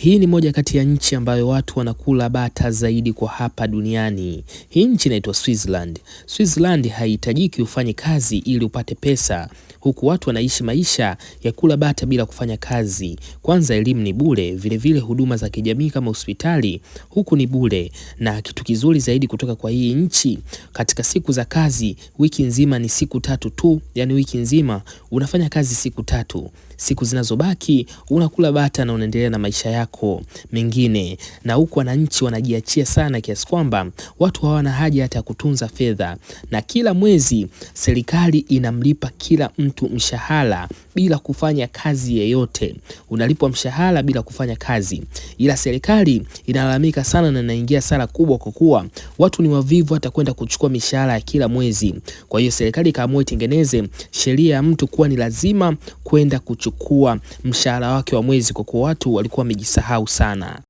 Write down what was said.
Hii ni moja kati ya nchi ambayo watu wanakula bata zaidi kwa hapa duniani. Hii nchi inaitwa Switzerland. Switzerland haihitajiki ufanye kazi ili upate pesa, huku watu wanaishi maisha ya kula bata bila kufanya kazi. Kwanza elimu ni bure, vilevile huduma za kijamii kama hospitali huku ni bure, na kitu kizuri zaidi kutoka kwa hii nchi, katika siku za kazi wiki nzima ni siku tatu tu, yani wiki nzima unafanya kazi siku tatu, siku zinazobaki unakula bata na unaendelea na maisha yako yako mengine, na huku wananchi wanajiachia sana kiasi kwamba watu hawana haja hata ya kutunza fedha, na kila mwezi serikali inamlipa kila mtu mshahara bila kufanya kazi yeyote. Unalipwa mshahara bila kufanya kazi, ila serikali inalalamika sana na inaingia sala kubwa, kwa kuwa watu ni wavivu hata kwenda kuchukua mishahara ya kila mwezi. Kwa hiyo serikali ikaamua itengeneze sheria ya mtu kuwa ni lazima kwenda kuchukua mshahara wake wa mwezi, kwa kuwa watu walikuwa wamejisa kuisahau sana.